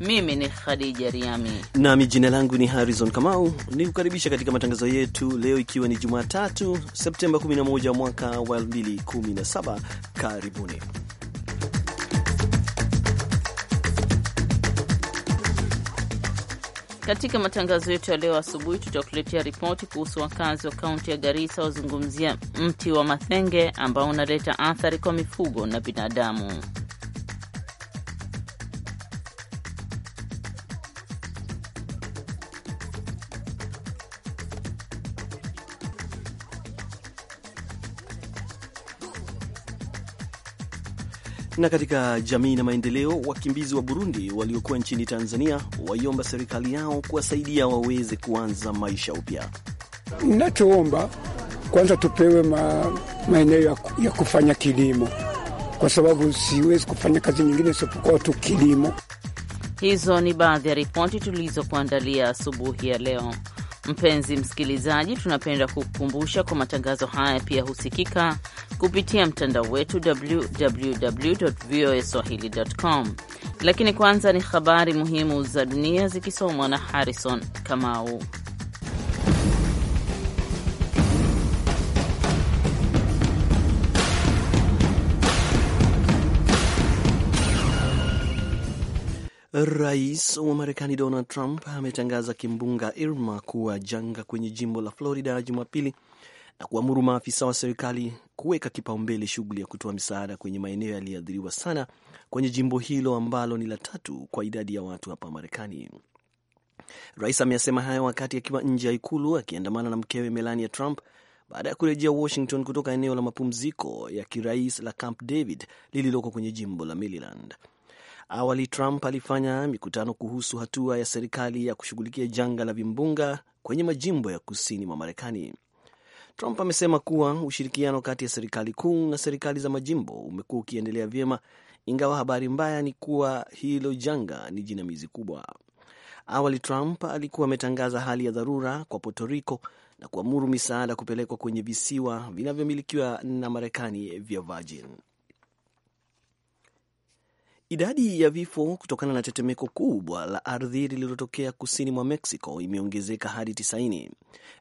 mimi ni Khadija Riami nami jina langu ni Harrison Kamau, ni kukaribisha katika matangazo yetu leo, ikiwa ni Jumatatu Septemba 11 mwaka wa 2017. Karibuni katika matangazo yetu ya leo asubuhi. Tutakuletea ripoti kuhusu wakazi wa kaunti ya Garissa wazungumzia mti wa mathenge ambao unaleta athari kwa mifugo na binadamu. Na katika jamii na maendeleo, wakimbizi wa Burundi waliokuwa nchini Tanzania waiomba serikali yao kuwasaidia waweze kuanza maisha upya. Ninachoomba kwanza, tupewe ma, maeneo ya, ya kufanya kilimo, kwa sababu siwezi kufanya kazi nyingine isipokuwa tu kilimo. Hizo ni baadhi ya ripoti tulizokuandalia asubuhi ya leo. Mpenzi msikilizaji, tunapenda kukukumbusha kwa matangazo haya pia husikika kupitia mtandao wetu www voa Lakini kwanza ni habari muhimu za dunia zikisomwa na Harrison Kamau. Rais wa Marekani Donald Trump ametangaza kimbunga Irma kuwa janga kwenye jimbo la Florida Jumapili na kuamuru maafisa wa serikali kuweka kipaumbele shughuli ya kutoa misaada kwenye maeneo yaliyoathiriwa sana kwenye jimbo hilo ambalo ni la tatu kwa idadi ya watu hapa Marekani. Rais ameyasema hayo wakati akiwa nje ya ikulu akiandamana na mkewe Melania Trump baada ya kurejea Washington kutoka eneo la mapumziko ya kirais la Camp David lililoko kwenye jimbo la Maryland. Awali Trump alifanya mikutano kuhusu hatua ya serikali ya kushughulikia janga la vimbunga kwenye majimbo ya kusini mwa Marekani. Trump amesema kuwa ushirikiano kati ya serikali kuu na serikali za majimbo umekuwa ukiendelea vyema, ingawa habari mbaya ni kuwa hilo janga ni jinamizi kubwa. Awali Trump alikuwa ametangaza hali ya dharura kwa Puerto Rico na kuamuru misaada kupelekwa kwenye visiwa vinavyomilikiwa na Marekani vya Virgin. Idadi ya vifo kutokana na tetemeko kubwa la ardhi lililotokea kusini mwa Mexico imeongezeka hadi 90,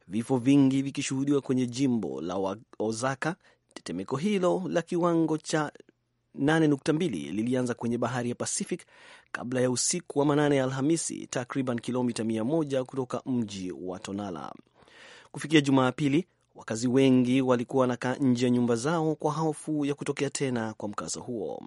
vifo vingi vikishuhudiwa kwenye jimbo la Oaxaca. Tetemeko hilo la kiwango cha 8.2 lilianza kwenye bahari ya Pacific kabla ya usiku wa manane ya Alhamisi, takriban kilomita 100 kutoka mji wa Tonala. Kufikia Jumapili, wakazi wengi walikuwa wanakaa nje ya nyumba zao kwa hofu ya kutokea tena kwa mkasa huo.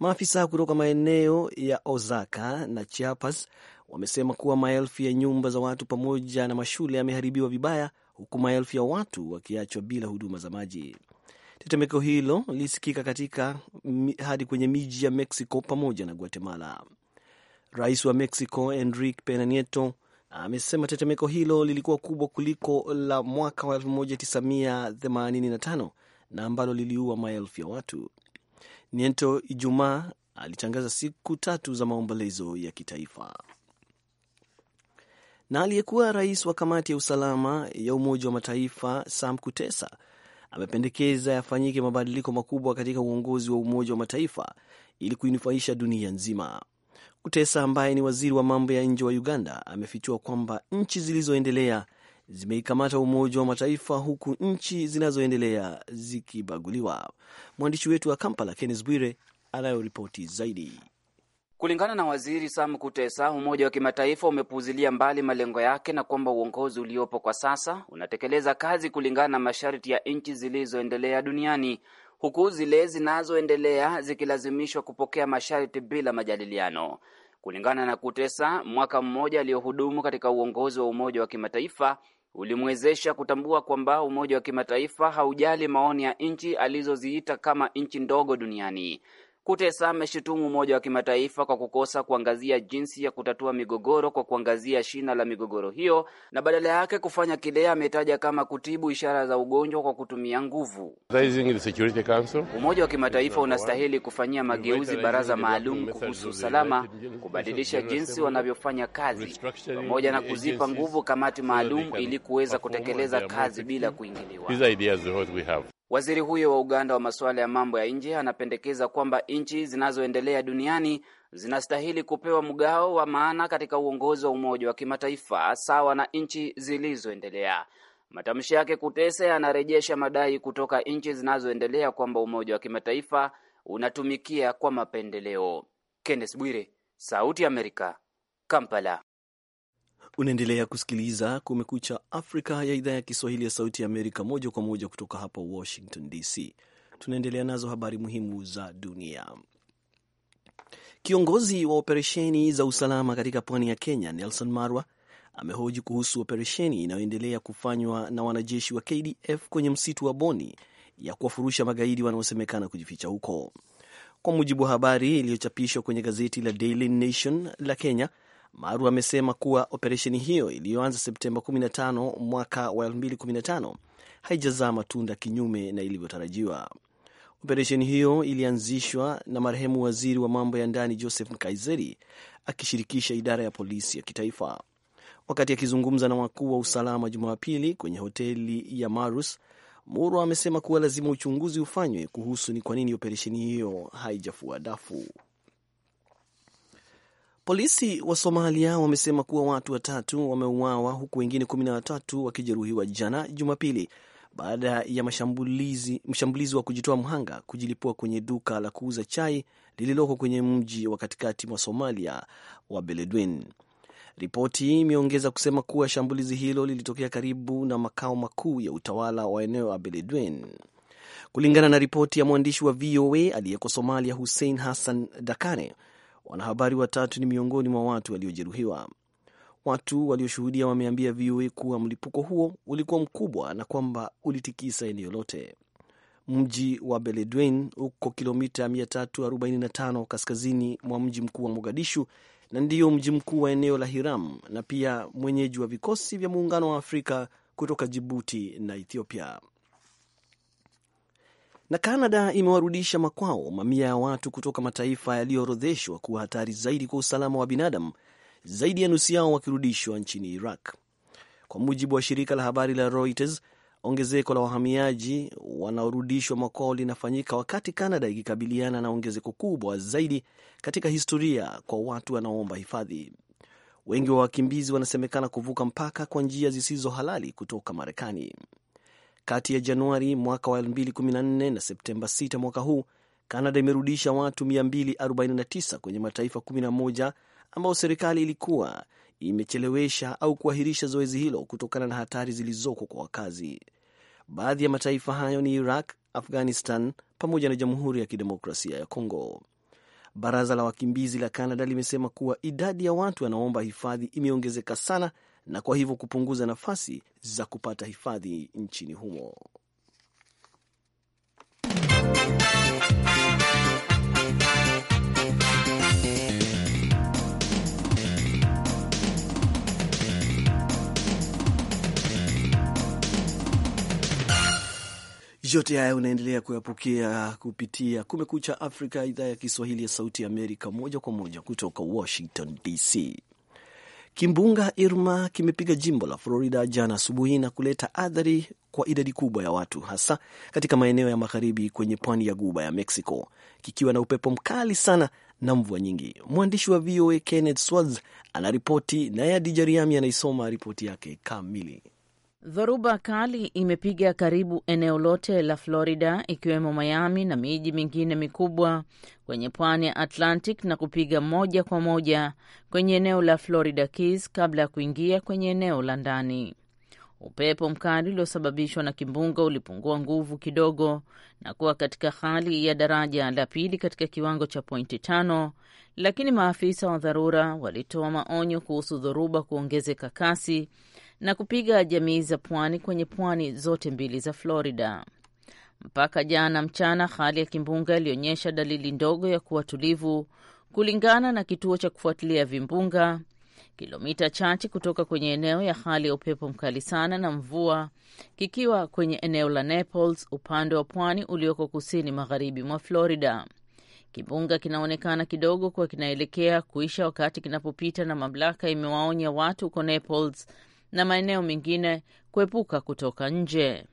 Maafisa kutoka maeneo ya Osaka na Chiapas wamesema kuwa maelfu ya nyumba za watu pamoja na mashule yameharibiwa vibaya, huku maelfu ya watu wakiachwa bila huduma za maji. Tetemeko hilo lilisikika katika hadi kwenye miji ya Mexico pamoja na Guatemala. Rais wa Mexico Enrique Pena Nieto amesema tetemeko hilo lilikuwa kubwa kuliko la mwaka wa 1985 na ambalo liliua maelfu ya watu. Nieto Ijumaa alitangaza siku tatu za maombolezo ya kitaifa. Na aliyekuwa rais wa kamati ya usalama ya Umoja wa Mataifa Sam Kutesa amependekeza yafanyike mabadiliko makubwa katika uongozi wa Umoja wa Mataifa ili kuinufaisha dunia nzima. Kutesa ambaye ni waziri wa mambo ya nje wa Uganda amefichua kwamba nchi zilizoendelea zimeikamata Umoja wa Mataifa huku nchi zinazoendelea zikibaguliwa. Mwandishi wetu wa Kampala, Kennes Bwire, anayoripoti zaidi. Kulingana na waziri Sam Kutesa, Umoja wa Kimataifa umepuuzilia mbali malengo yake na kwamba uongozi uliopo kwa sasa unatekeleza kazi kulingana na masharti ya nchi zilizoendelea duniani, huku zile zinazoendelea zikilazimishwa kupokea masharti bila majadiliano. Kulingana na Kutesa, mwaka mmoja aliyohudumu katika uongozi wa Umoja wa Kimataifa ulimwezesha kutambua kwamba Umoja wa Kimataifa haujali maoni ya nchi alizoziita kama nchi ndogo duniani Kutesa ameshutumu Umoja wa Kimataifa kwa kukosa kuangazia jinsi ya kutatua migogoro kwa kuangazia shina la migogoro hiyo na badala yake kufanya kile ametaja kama kutibu ishara za ugonjwa kwa kutumia nguvu. Umoja wa Kimataifa unastahili kufanyia mageuzi baraza maalum kuhusu usalama, kubadilisha jinsi wanavyofanya kazi, pamoja na kuzipa nguvu kamati maalum ili kuweza kutekeleza kazi bila kuingiliwa. Waziri huyo wa Uganda wa masuala ya mambo ya nje anapendekeza kwamba nchi zinazoendelea duniani zinastahili kupewa mgao wa maana katika uongozi wa Umoja wa Kimataifa sawa na nchi zilizoendelea. Matamshi yake kutesa yanarejesha madai kutoka nchi zinazoendelea kwamba Umoja wa Kimataifa unatumikia kwa mapendeleo. Kenneth Bwire, Sauti ya Amerika, Kampala. Unaendelea kusikiliza Kumekucha Afrika ya idhaa ya Kiswahili ya Sauti ya Amerika, moja kwa moja kutoka hapa Washington DC. Tunaendelea nazo habari muhimu za dunia. Kiongozi wa operesheni za usalama katika pwani ya Kenya, Nelson Marwa, amehoji kuhusu operesheni inayoendelea kufanywa na wanajeshi wa KDF kwenye msitu wa Boni ya kuwafurusha magaidi wanaosemekana kujificha huko. Kwa mujibu wa habari iliyochapishwa kwenye gazeti la Daily Nation la Kenya, Maru amesema kuwa operesheni hiyo iliyoanza Septemba 15 mwaka wa 2015 haijazaa matunda, kinyume na ilivyotarajiwa. Operesheni hiyo ilianzishwa na marehemu waziri wa mambo ya ndani Joseph Nkaiseri akishirikisha idara ya polisi ya kitaifa. Wakati akizungumza na wakuu wa usalama Jumapili kwenye hoteli ya Marus, Murwa amesema kuwa lazima uchunguzi ufanywe kuhusu ni kwa nini operesheni hiyo haijafua dafu. Polisi wa Somalia wamesema kuwa watu watatu wameuawa huku wengine kumi na watatu wakijeruhiwa jana Jumapili baada ya mashambulizi, mshambulizi wa kujitoa mhanga kujilipua kwenye duka la kuuza chai lililoko kwenye mji wa katikati mwa Somalia wa Beledweyne. Ripoti hii imeongeza kusema kuwa shambulizi hilo lilitokea karibu na makao makuu ya utawala wa eneo wa Beledweyne. Kulingana na ripoti ya mwandishi wa VOA aliyeko Somalia, Hussein Hassan dakare Wanahabari watatu ni miongoni mwa watu waliojeruhiwa. Watu walioshuhudia wameambia VOA kuwa mlipuko huo ulikuwa mkubwa na kwamba ulitikisa eneo lote. Mji wa Beledweyne uko kilomita 345 kaskazini mwa mji mkuu wa Mogadishu na ndiyo mji mkuu wa eneo la Hiram na pia mwenyeji wa vikosi vya Muungano wa Afrika kutoka Jibuti na Ethiopia na Kanada imewarudisha makwao mamia ya watu kutoka mataifa yaliyoorodheshwa kuwa hatari zaidi kwa usalama wa binadamu, zaidi ya nusu yao wakirudishwa nchini Iraq, kwa mujibu wa shirika la habari la Reuters. Ongezeko la wahamiaji wanaorudishwa makwao linafanyika wakati Kanada ikikabiliana na ongezeko kubwa zaidi katika historia kwa watu wanaoomba hifadhi. Wengi wa wakimbizi wanasemekana kuvuka mpaka kwa njia zisizo halali kutoka Marekani. Kati ya Januari mwaka wa 2014 na Septemba 6 mwaka huu, Kanada imerudisha watu 249 kwenye mataifa 11 ambao serikali ilikuwa imechelewesha au kuahirisha zoezi hilo kutokana na hatari zilizoko kwa wakazi. Baadhi ya mataifa hayo ni Iraq, Afghanistan pamoja na Jamhuri ya Kidemokrasia ya Kongo. Baraza la wakimbizi la canada limesema kuwa idadi ya watu wanaoomba hifadhi imeongezeka sana na kwa hivyo kupunguza nafasi za kupata hifadhi nchini humo. Yote haya unaendelea kuyapokea kupitia Kumekucha Afrika, idhaa ya Kiswahili ya Sauti ya Amerika, moja kwa moja kutoka Washington DC. Kimbunga Irma kimepiga jimbo la Florida jana asubuhi na kuleta athari kwa idadi kubwa ya watu, hasa katika maeneo ya magharibi kwenye pwani ya guba ya Mexico, kikiwa na upepo mkali sana na mvua nyingi. Mwandishi wa VOA Kenneth Swartz anaripoti, naye Adija Riami anaisoma ripoti yake kamili. Dhoruba kali imepiga karibu eneo lote la Florida ikiwemo Miami na miji mingine mikubwa kwenye pwani ya Atlantic na kupiga moja kwa moja kwenye eneo la Florida Keys kabla ya kuingia kwenye eneo la ndani. Upepo mkali uliosababishwa na kimbunga ulipungua nguvu kidogo na kuwa katika hali ya daraja la pili katika kiwango cha pointi tano, lakini maafisa wa dharura walitoa maonyo kuhusu dhoruba kuongezeka kasi na kupiga jamii za pwani kwenye pwani zote mbili za Florida. Mpaka jana mchana, hali ya kimbunga ilionyesha dalili ndogo ya kuwa tulivu, kulingana na kituo cha kufuatilia vimbunga, kilomita chache kutoka kwenye eneo ya hali ya upepo mkali sana na mvua, kikiwa kwenye eneo la Naples, upande wa pwani ulioko kusini magharibi mwa Florida. Kimbunga kinaonekana kidogo kuwa kinaelekea kuisha wakati kinapopita, na mamlaka imewaonya watu huko Naples na maeneo mengine kuepuka kutoka nje.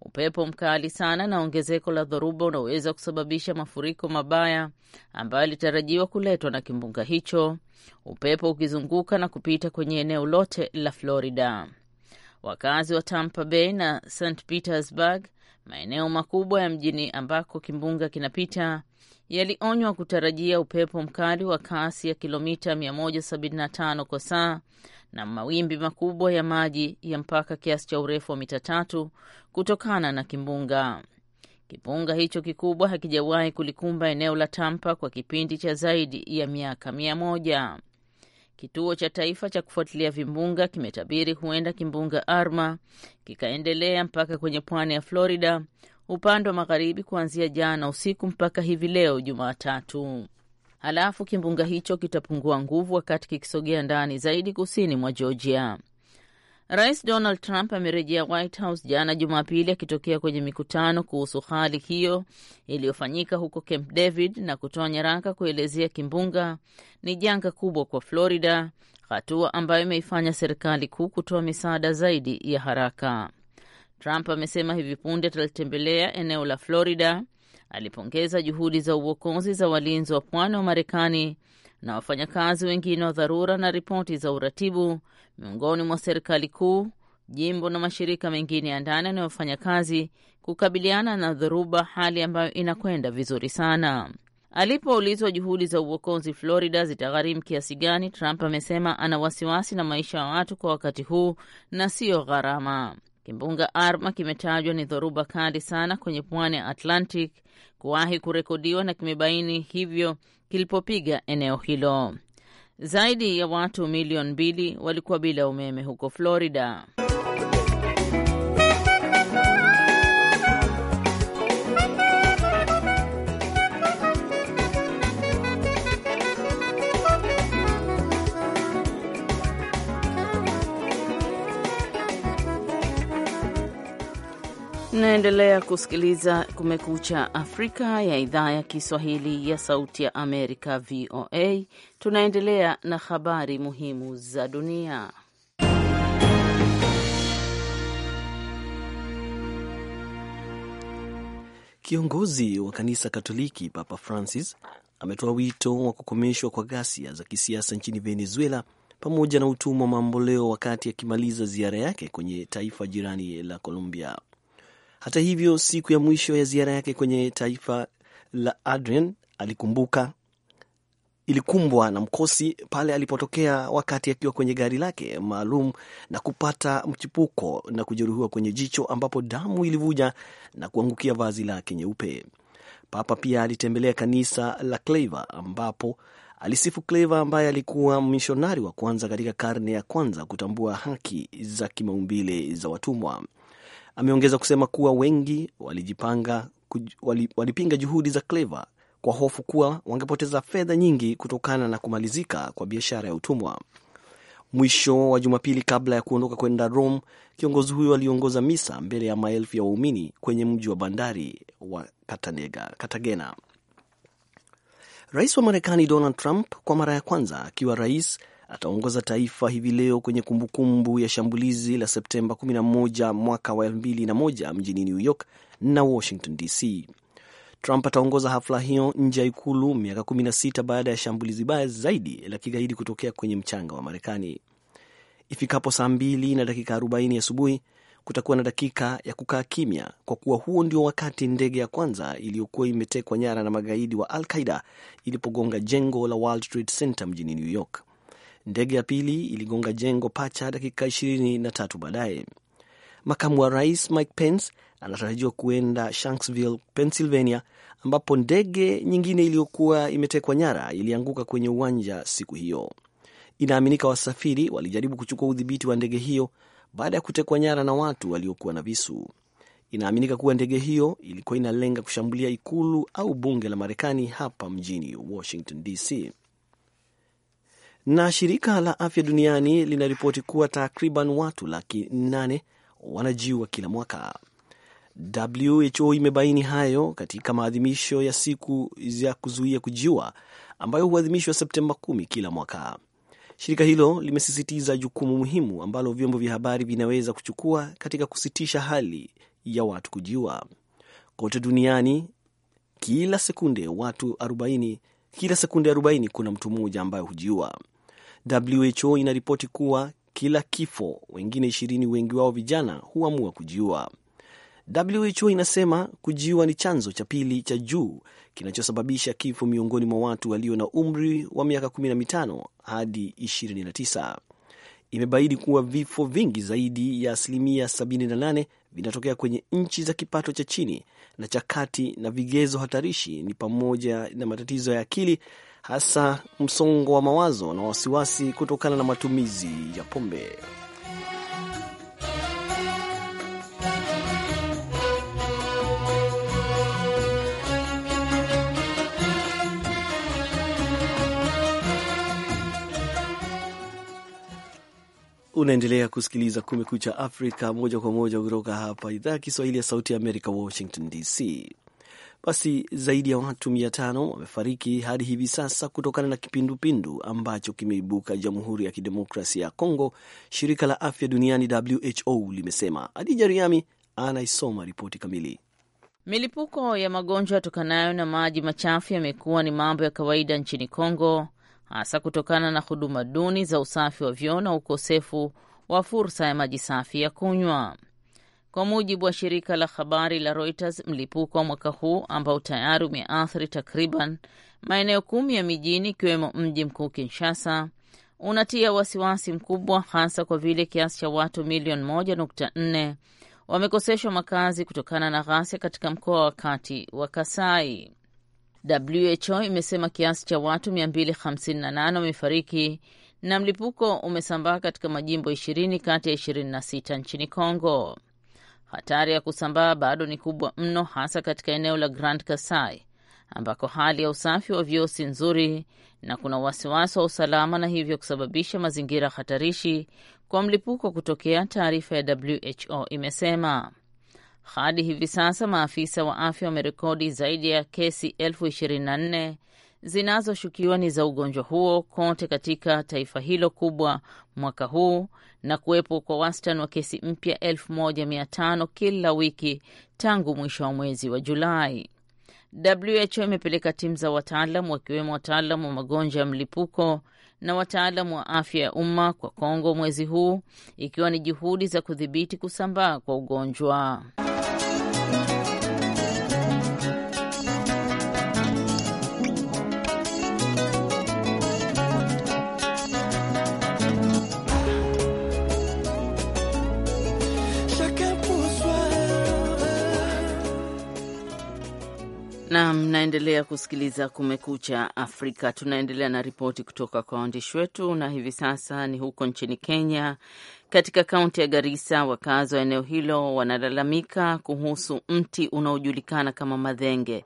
Upepo mkali sana na ongezeko la dhoruba unaweza kusababisha mafuriko mabaya ambayo yalitarajiwa kuletwa na kimbunga hicho, upepo ukizunguka na kupita kwenye eneo lote la Florida. Wakazi wa Tampa Bay na St Petersburg, maeneo makubwa ya mjini ambako kimbunga kinapita, yalionywa kutarajia upepo mkali wa kasi ya kilomita 175 kwa saa na mawimbi makubwa ya maji ya mpaka kiasi cha urefu wa mita tatu kutokana na kimbunga. Kimbunga hicho kikubwa hakijawahi kulikumba eneo la Tampa kwa kipindi cha zaidi ya miaka mia moja. Kituo cha taifa cha kufuatilia vimbunga kimetabiri huenda kimbunga Arma kikaendelea mpaka kwenye pwani ya Florida upande wa magharibi kuanzia jana usiku mpaka hivi leo Jumatatu halafu kimbunga hicho kitapungua nguvu wakati kikisogea ndani zaidi kusini mwa Georgia. Rais Donald Trump amerejea White House jana Jumapili akitokea kwenye mikutano kuhusu hali hiyo iliyofanyika huko Camp David na kutoa nyaraka kuelezea kimbunga ni janga kubwa kwa Florida, hatua ambayo imeifanya serikali kuu kutoa misaada zaidi ya haraka. Trump amesema hivi punde atalitembelea eneo la Florida alipongeza juhudi za uokozi za walinzi wa pwani wa Marekani na wafanyakazi wengine wa dharura na ripoti za uratibu miongoni mwa serikali kuu, jimbo na mashirika mengine ya ndani yanayofanya kazi kukabiliana na dhoruba, hali ambayo inakwenda vizuri sana. Alipoulizwa juhudi za uokozi Florida zitagharimu kiasi gani, Trump amesema ana wasiwasi na maisha ya watu kwa wakati huu na siyo gharama. Kimbunga Irma kimetajwa ni dhoruba kali sana kwenye pwani ya Atlantic kuwahi kurekodiwa na kimebaini hivyo kilipopiga eneo hilo. Zaidi ya watu milioni mbili walikuwa bila umeme huko Florida. naendelea kusikiliza Kumekucha Afrika ya idhaa ya Kiswahili ya Sauti ya Amerika, VOA. Tunaendelea na habari muhimu za dunia. Kiongozi wa kanisa Katoliki Papa Francis ametoa wito wa kukomeshwa kwa ghasia za kisiasa nchini Venezuela pamoja na utumwa mamboleo, wakati akimaliza ziara yake kwenye taifa jirani la Colombia. Hata hivyo, siku ya mwisho ya ziara yake kwenye taifa la Adrian alikumbuka ilikumbwa na mkosi pale alipotokea wakati akiwa kwenye gari lake maalum na kupata mchipuko na kujeruhiwa kwenye jicho ambapo damu ilivuja na kuangukia vazi lake nyeupe. Papa pia alitembelea kanisa la Claver ambapo alisifu Claver ambaye alikuwa mishonari wa kwanza katika karne ya kwanza kutambua haki za kimaumbile za watumwa. Ameongeza kusema kuwa wengi walipinga wali juhudi za Clever kwa hofu kuwa wangepoteza fedha nyingi kutokana na kumalizika kwa biashara ya utumwa. Mwisho wa Jumapili, kabla ya kuondoka kwenda Rome, kiongozi huyo aliongoza misa mbele ya maelfu ya waumini kwenye mji wa bandari wa Katanega, Katagena. Rais wa Marekani Donald Trump kwa mara ya kwanza akiwa rais ataongoza taifa hivi leo kwenye kumbukumbu ya shambulizi la Septemba 11 mwaka wa 2001 mjini New York na Washington DC. Trump ataongoza hafla hiyo nje ya ikulu miaka 16 baada ya shambulizi baya zaidi la kigaidi kutokea kwenye mchanga wa Marekani. Ifikapo saa 2 na dakika 40 asubuhi, kutakuwa na dakika ya kukaa kimya, kwa kuwa huo ndio wakati ndege ya kwanza iliyokuwa imetekwa nyara na magaidi wa Al Qaida ilipogonga jengo la World Trade Center mjini New York. Ndege ya pili iligonga jengo pacha dakika ishirini na tatu baadaye. Makamu wa rais Mike Pence anatarajiwa kuenda Shanksville, Pennsylvania, ambapo ndege nyingine iliyokuwa imetekwa nyara ilianguka kwenye uwanja siku hiyo. Inaaminika wasafiri walijaribu kuchukua udhibiti wa ndege hiyo baada ya kutekwa nyara na watu waliokuwa na visu. Inaaminika kuwa ndege hiyo ilikuwa inalenga kushambulia ikulu au bunge la Marekani hapa mjini Washington DC. Na shirika la afya duniani linaripoti kuwa takriban watu laki nane wanajiua kila mwaka. WHO imebaini hayo katika maadhimisho ya siku za kuzuia kujiua ambayo huadhimishwa Septemba 10 kila mwaka. Shirika hilo limesisitiza jukumu muhimu ambalo vyombo vya habari vinaweza kuchukua katika kusitisha hali ya watu kujiua kote duniani. Kila sekunde watu 40, kila sekunde 40 kuna mtu mmoja ambaye hujiua. WHO inaripoti kuwa kila kifo wengine ishirini, wengi wao vijana, huamua kujiua. WHO inasema kujiua ni chanzo cha pili cha juu kinachosababisha kifo miongoni mwa watu walio na umri wa miaka 15 hadi 29. Imebaini kuwa vifo vingi zaidi ya asilimia 78 vinatokea kwenye nchi za kipato cha chini na cha kati, na vigezo hatarishi ni pamoja na matatizo ya akili hasa msongo wa mawazo na wasiwasi kutokana na matumizi ya pombe. Unaendelea kusikiliza Kumekucha Afrika moja kwa moja kutoka hapa idhaa ya Kiswahili ya Sauti ya Amerika, Washington DC basi zaidi ya watu mia tano wamefariki hadi hivi sasa kutokana na kipindupindu ambacho kimeibuka Jamhuri ya Kidemokrasia ya Kongo, shirika la afya duniani WHO limesema. Adija Riami anaisoma ripoti kamili. Milipuko ya magonjwa yatokanayo na maji machafu yamekuwa ni mambo ya kawaida nchini Kongo, hasa kutokana na huduma duni za usafi wa vyoo na ukosefu wa fursa ya maji safi ya kunywa. Kwa mujibu wa shirika la habari la Reuters, mlipuko wa mwaka huu ambao tayari umeathiri takriban maeneo kumi ya mijini ikiwemo mji mkuu Kinshasa unatia wasiwasi mkubwa, hasa kwa vile kiasi cha watu milioni moja nukta nne wamekoseshwa makazi kutokana na ghasia katika mkoa wa kati wa Kasai. WHO imesema kiasi cha watu 258 wamefariki na mlipuko umesambaa katika majimbo 20 kati ya 26 nchini congo Hatari ya kusambaa bado ni kubwa mno, hasa katika eneo la Grand Kasai ambako hali ya usafi wa vyoo si nzuri na kuna wasiwasi wa usalama na hivyo kusababisha mazingira hatarishi kwa mlipuko kutokea, taarifa ya WHO imesema. Hadi hivi sasa maafisa wa afya wamerekodi zaidi ya kesi elfu ishirini na nne zinazoshukiwa ni za ugonjwa huo kote katika taifa hilo kubwa mwaka huu na kuwepo kwa wastani wa kesi mpya 1500 kila wiki tangu mwisho wa mwezi wa Julai. WHO imepeleka timu za wataalam wakiwemo wataalam wa magonjwa ya mlipuko na wataalam wa afya ya umma kwa Kongo mwezi huu ikiwa ni juhudi za kudhibiti kusambaa kwa ugonjwa. na naendelea kusikiliza Kumekucha Afrika. Tunaendelea na ripoti kutoka kwa waandishi wetu, na hivi sasa ni huko nchini Kenya, katika kaunti ya Garissa. Wakazi wa eneo hilo wanalalamika kuhusu mti unaojulikana kama madhenge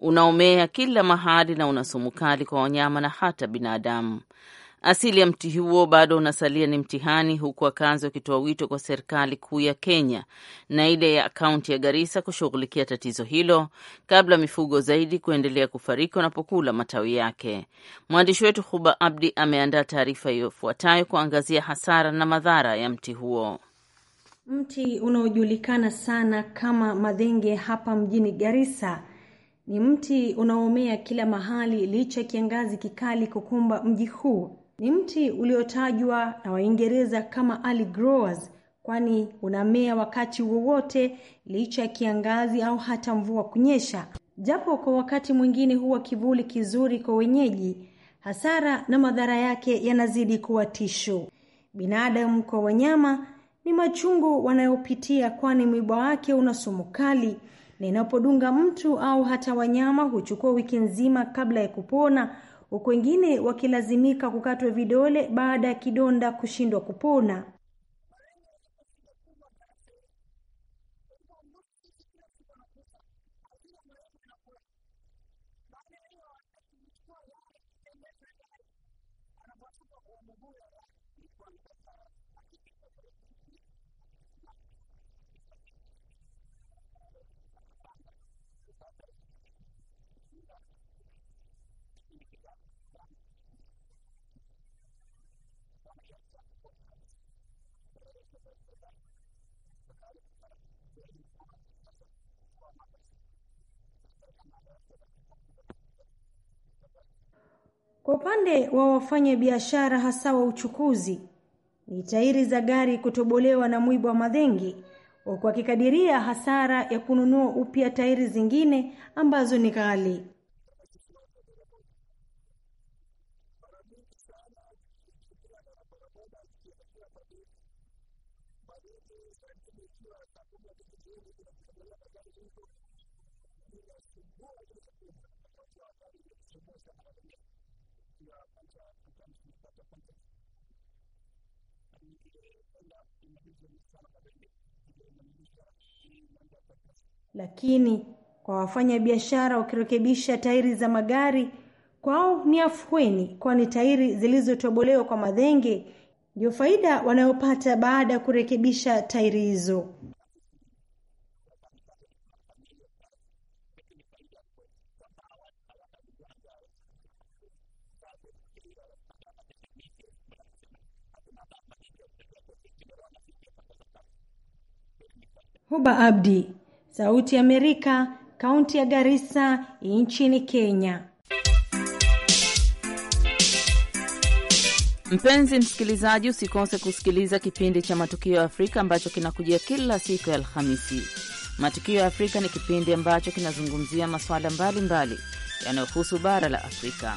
unaomea kila mahali na una sumu kali kwa wanyama na hata binadamu. Asili ya mti huo bado unasalia ni mtihani, huku wakazi wakitoa wito kwa serikali kuu ya Kenya na ile ya kaunti ya Garissa kushughulikia tatizo hilo kabla mifugo zaidi kuendelea kufariki wanapokula matawi yake. Mwandishi wetu Huba Abdi ameandaa taarifa iyofuatayo kuangazia hasara na madhara ya mti huo. Mti unaojulikana sana kama madhenge hapa mjini Garissa ni mti unaomea kila mahali licha ya kiangazi kikali kukumba mji huu ni mti uliotajwa na Waingereza kama early growers kwani unamea wakati wowote licha ya kiangazi au hata mvua kunyesha, japo kwa wakati mwingine huwa kivuli kizuri kwa wenyeji. Hasara na madhara yake yanazidi kuwa tisho. Binadamu kwa wanyama ni machungu wanayopitia, kwani mwiba wake una sumu kali na inapodunga mtu au hata wanyama huchukua wiki nzima kabla ya kupona huku wengine wakilazimika kukatwa vidole baada ya kidonda kushindwa kupona. Kwa upande wa wafanya biashara hasa wa uchukuzi, ni tairi za gari kutobolewa na mwibwa wa madhengi, huku akikadiria hasara ya kununua upya tairi zingine ambazo ni ghali. kwanza lakini kwa wafanya biashara wakirekebisha tairi za magari kwao ni afueni, kwani tairi zilizotobolewa kwa madhenge ndio faida wanayopata baada ya kurekebisha tairi hizo. Huba Abdi, Sauti ya Amerika, kaunti ya Garissa nchini Kenya. Mpenzi msikilizaji, usikose kusikiliza kipindi cha Matukio ya Afrika ambacho kinakujia kila siku ya Alhamisi. Matukio ya Afrika ni kipindi ambacho kinazungumzia masuala mbalimbali yanayohusu bara la Afrika.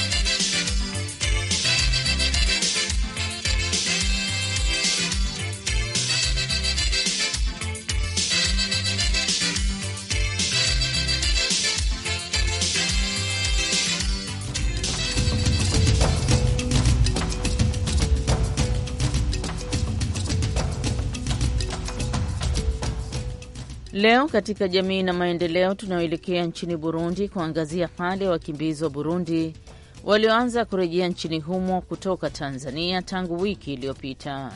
Leo katika jamii na maendeleo, tunaoelekea nchini Burundi kuangazia hali ya wakimbizi wa Burundi walioanza kurejea nchini humo kutoka Tanzania tangu wiki iliyopita.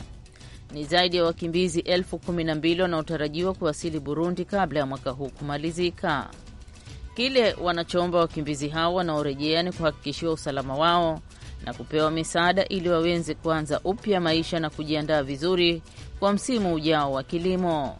Ni zaidi ya wakimbizi elfu kumi na mbili wanaotarajiwa kuwasili Burundi kabla ya mwaka huu kumalizika. Kile wanachoomba wakimbizi hao wanaorejea ni kuhakikishiwa usalama wao na kupewa misaada ili waweze kuanza upya maisha na kujiandaa vizuri kwa msimu ujao wa kilimo.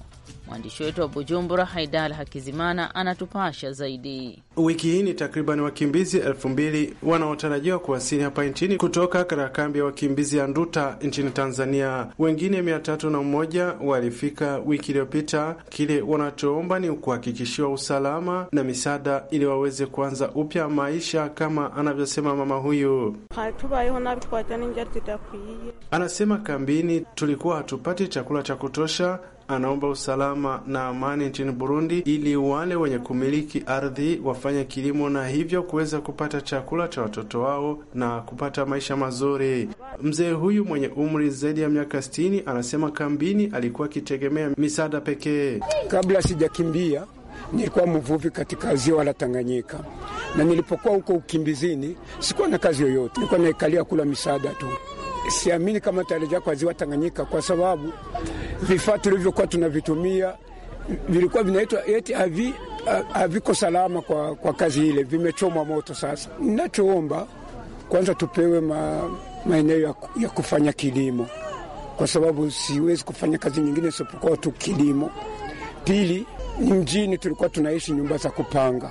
Mwandishi wetu wa Bujumbura, Haidal Hakizimana, anatupasha zaidi. Wiki hii ni takriban wakimbizi elfu mbili wanaotarajiwa kuwasili hapa nchini kutoka katika kambi ya wakimbizi ya Nduta nchini Tanzania. Wengine mia tatu na mmoja walifika wiki iliyopita. Kile wanachoomba ni kuhakikishiwa usalama na misaada ili waweze kuanza upya maisha, kama anavyosema mama huyu. Anasema kambini tulikuwa hatupati chakula cha kutosha anaomba usalama na amani nchini Burundi ili wale wenye kumiliki ardhi wafanye kilimo na hivyo kuweza kupata chakula cha watoto wao na kupata maisha mazuri. Mzee huyu mwenye umri zaidi ya miaka 60 anasema kambini alikuwa akitegemea misaada pekee. Kabla sijakimbia nilikuwa mvuvi katika ziwa la Tanganyika, na nilipokuwa huko ukimbizini sikuwa na kazi yoyote, nilikuwa naikalia kula misaada tu. Siamini kama tarejea kwa ziwa Tanganyika kwa sababu vifaa tulivyokuwa tunavitumia vilikuwa vinaitwa eti havi haviko salama kwa, kwa kazi ile, vimechomwa moto. Sasa ninachoomba kwanza tupewe ma, maeneo ya, ya kufanya kilimo, kwa sababu siwezi kufanya kazi nyingine isipokuwa tu kilimo. Pili, mjini tulikuwa tunaishi nyumba za kupanga,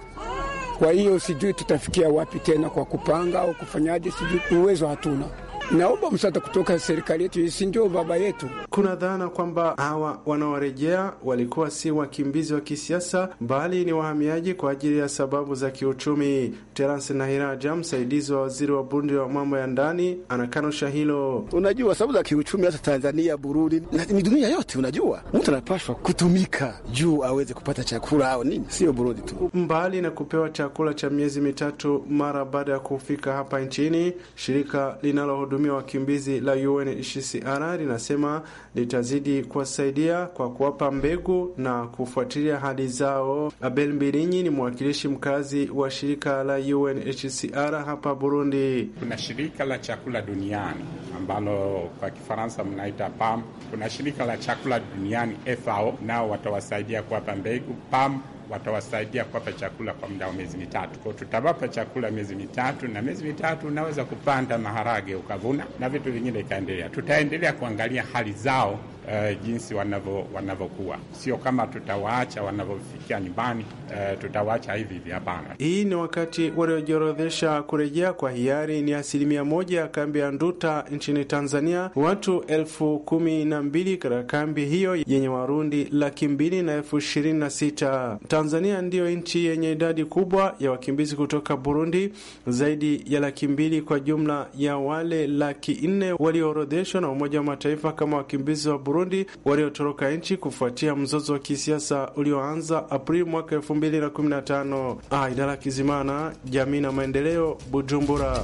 kwa hiyo sijui tutafikia wapi tena kwa kupanga au kufanyaje, sijui uwezo hatuna. Naomba msaada kutoka serikali yetu, isi ndio baba yetu. Kuna dhana kwamba hawa wanaorejea walikuwa si wakimbizi wa kisiasa, bali ni wahamiaji kwa ajili ya sababu za kiuchumi. Terence Nahiraja, msaidizi wa waziri wa Burundi wa mambo ya ndani, anakanusha hilo. Unajua sababu za kiuchumi, hata Tanzania, Burundi ni dunia yote. Unajua mtu anapashwa kutumika juu aweze kupata chakula au nini, sio Burundi tu. Mbali na kupewa chakula cha miezi mitatu mara baada ya kufika hapa nchini, shirika linalohudu kuhudumia wakimbizi la UNHCR linasema litazidi kuwasaidia kwa kuwapa mbegu na kufuatilia hali zao. Abel Mbirinyi ni mwakilishi mkazi wa shirika la UNHCR hapa Burundi. Kuna shirika la chakula duniani ambalo kwa Kifaransa mnaita PAM. Kuna shirika la chakula duniani FAO, nao watawasaidia kuwapa mbegu PAM watawasaidia kuwapa chakula kwa muda wa miezi mitatu. Kwa tutawapa chakula miezi mitatu, na miezi mitatu unaweza kupanda maharage ukavuna na vitu vingine ikaendelea. Tutaendelea kuangalia hali zao, uh, jinsi wanavyo wanavyokuwa, sio kama tutawaacha wanavyofikia nyumbani, uh, tutawaacha hivi hivi, hapana. Hii ni wakati waliojiorodhesha kurejea kwa hiari ni asilimia moja ya kambi ya Nduta nchini Tanzania, watu elfu kumi na mbili katika kambi hiyo yenye Warundi laki mbili na elfu ishirini na sita. Tanzania ndiyo nchi yenye idadi kubwa ya wakimbizi kutoka Burundi, zaidi ya laki mbili kwa jumla ya wale laki nne walioorodheshwa na Umoja wa Mataifa kama wakimbizi wa Burundi waliotoroka nchi kufuatia mzozo wa kisiasa ulioanza Aprili mwaka 2015. Ah, Idara Kizimana, jamii na maendeleo, Bujumbura.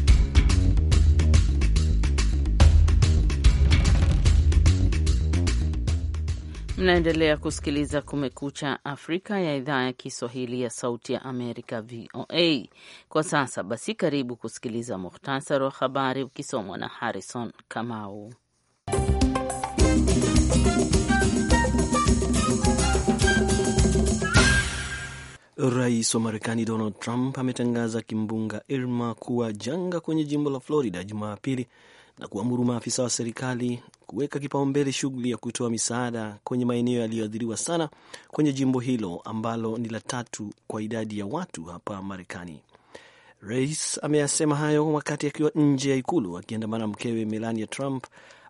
Mnaendelea kusikiliza Kumekucha Afrika ya idhaa ya Kiswahili ya Sauti ya Amerika, VOA. Kwa sasa basi, karibu kusikiliza muhtasari wa habari ukisomwa na Harrison Kamau. Rais wa Marekani Donald Trump ametangaza kimbunga Irma kuwa janga kwenye jimbo la Florida Jumapili na kuamuru maafisa wa serikali kuweka kipaumbele shughuli ya kutoa misaada kwenye maeneo yaliyoathiriwa sana kwenye jimbo hilo ambalo ni la tatu kwa idadi ya watu hapa Marekani. Rais ameyasema hayo wakati akiwa nje ya ikulu akiandamana mkewe Melania Trump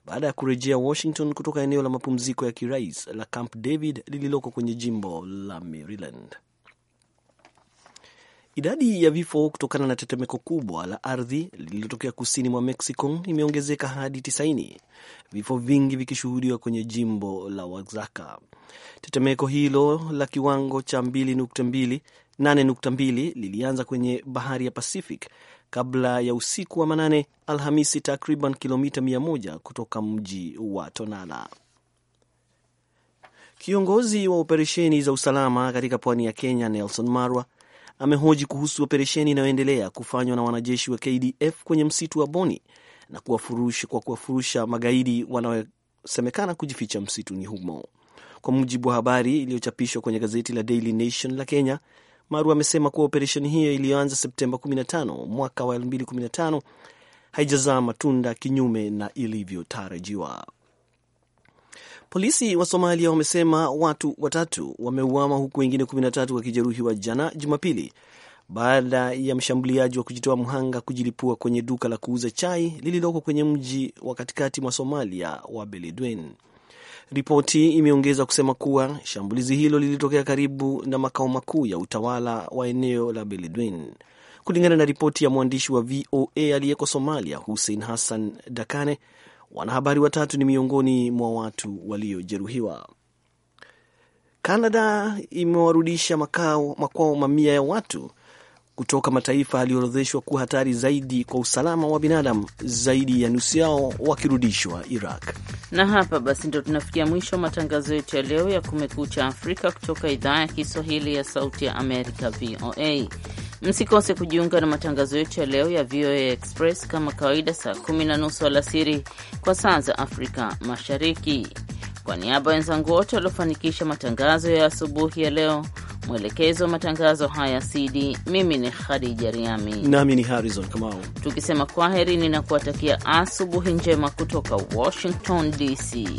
baada ya kurejea Washington kutoka eneo la mapumziko ya kirais la Camp David lililoko kwenye jimbo la Maryland. Idadi ya vifo kutokana na tetemeko kubwa la ardhi lililotokea kusini mwa Mexico imeongezeka hadi tisaini, vifo vingi vikishuhudiwa kwenye jimbo la Oaxaca. Tetemeko hilo la kiwango cha 2.2 lilianza kwenye bahari ya Pacific kabla ya usiku wa manane Alhamisi, takriban kilomita 100 kutoka mji wa Tonala. Kiongozi wa operesheni za usalama katika pwani ya Kenya Nelson Marwa amehoji kuhusu operesheni inayoendelea kufanywa na wanajeshi wa KDF kwenye msitu wa Boni na kuwafurusha kwa kuwafurusha magaidi wanaosemekana kujificha msituni humo. Kwa mujibu wa habari iliyochapishwa kwenye gazeti la Daily Nation la Kenya, Maru amesema kuwa operesheni hiyo iliyoanza Septemba 15 mwaka wa 2015 haijazaa matunda, kinyume na ilivyotarajiwa. Polisi wa Somalia wamesema watu watatu wameuawa huku wengine 13 wakijeruhiwa jana Jumapili baada ya mshambuliaji wa kujitoa mhanga kujilipua kwenye duka la kuuza chai lililoko kwenye mji wa katikati mwa Somalia wa Beledweyne. Ripoti imeongeza kusema kuwa shambulizi hilo lilitokea karibu na makao makuu ya utawala wa eneo la Beledweyne. Kulingana na ripoti ya mwandishi wa VOA aliyeko Somalia, Hussein Hassan Dakane, Wanahabari watatu ni miongoni mwa watu waliojeruhiwa. Kanada imewarudisha makwao mamia ya watu kutoka mataifa yaliyoorodheshwa kuwa hatari zaidi kwa usalama wa binadamu, zaidi ya nusu yao wakirudishwa Iraq. Na hapa basi ndo tunafikia mwisho wa matangazo yetu ya leo ya Kumekucha Afrika kutoka idhaa ya Kiswahili ya Sauti ya Amerika, VOA. Msikose kujiunga na matangazo yetu ya leo ya VOA Express kama kawaida, saa kumi na nusu alasiri kwa saa za Afrika Mashariki. Kwa niaba ya wenzangu wote waliofanikisha matangazo ya asubuhi ya leo, mwelekezi wa matangazo haya CD, mimi ni Khadija Riami nami ni Harrison Kamau, tukisema kwaheri, ninakuwatakia asubuhi njema kutoka Washington DC.